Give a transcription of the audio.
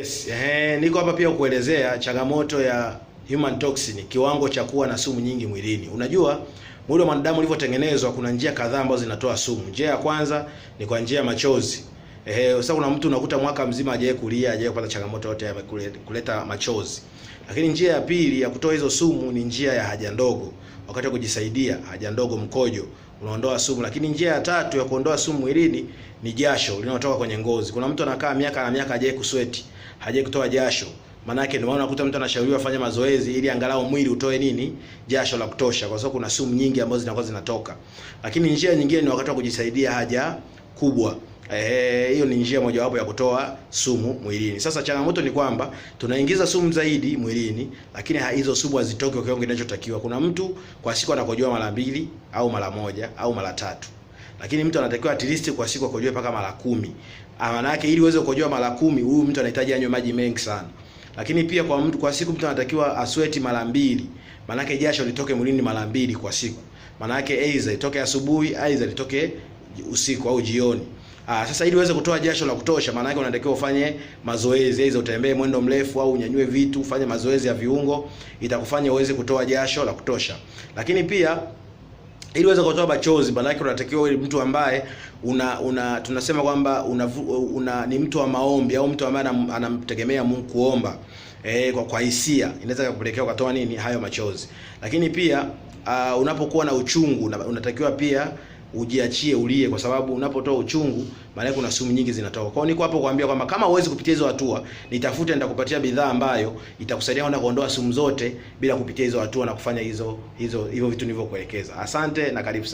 Yes, eh, niko hapa pia kuelezea changamoto ya human toxin, kiwango cha kuwa na sumu nyingi mwilini. Unajua mwili wa mwanadamu ulivyotengenezwa, kuna njia kadhaa ambazo zinatoa sumu. Njia ya kwanza ni kwa njia ya machozi. Eh, sasa kuna mtu unakuta mwaka mzima ajaye kulia, ajaye kupata changamoto yote ya kuleta machozi. Lakini njia ya pili ya kutoa hizo sumu ni njia ya haja ndogo. Wakati wa kujisaidia, haja ndogo, mkojo, unaondoa sumu. Lakini njia ya tatu ya kuondoa sumu mwilini ni jasho linalotoka kwenye ngozi. Kuna mtu anakaa miaka na miaka ajaye kusweti, ajaye kutoa jasho. Maana yake ndio maana unakuta mtu anashauriwa afanye mazoezi ili angalau mwili utoe nini? Jasho la kutosha kwa sababu kuna sumu nyingi ambazo zinakuwa zinatoka. Lakini njia nyingine ni wakati wa kujisaidia haja kubwa hiyo ni njia mojawapo ya kutoa sumu mwilini. Sasa changamoto ni kwamba tunaingiza sumu zaidi mwilini, lakini hizo sumu hazitoki kwa kiwango kinachotakiwa. Kuna mtu kwa siku anakojoa mara mbili au mara moja au mara tatu, lakini mtu anatakiwa at least kwa siku akojoe mpaka mara kumi. Ah, maana yake ili uweze kukojoa mara kumi, huyu mtu anahitaji anywe maji mengi sana. Lakini pia kwa mtu kwa siku mtu anatakiwa asweti mara mbili, maana yake jasho litoke mwilini mara mbili kwa siku. Maana yake aidha itoke asubuhi, aidha litoke usiku au jioni. Aa, ah, sasa ili uweze kutoa jasho la kutosha, maana yake unatakiwa ufanye mazoezi, aidha utembee mwendo mrefu au unyanyue vitu, ufanye mazoezi ya viungo, itakufanya uweze kutoa jasho la kutosha. Lakini pia ili uweze kutoa machozi, maana yake unatakiwa mtu ambaye una, una tunasema kwamba una, una, ni mtu wa maombi au mtu ambaye anamtegemea Mungu kuomba e, kwa kwa hisia inaweza kukupelekea ukatoa nini hayo machozi. Lakini pia uh, unapokuwa na uchungu unatakiwa pia ujiachie ulie, kwa sababu unapotoa uchungu maana kuna sumu nyingi zinatoka. Kwa hiyo niko hapo kuambia kwamba kama huwezi kupitia hizo hatua, nitafute nitakupatia bidhaa ambayo itakusaidia kwenda kuondoa sumu zote bila kupitia hizo hatua na kufanya hizo hizo hivyo vitu nilivyokuelekeza. Asante na karibu.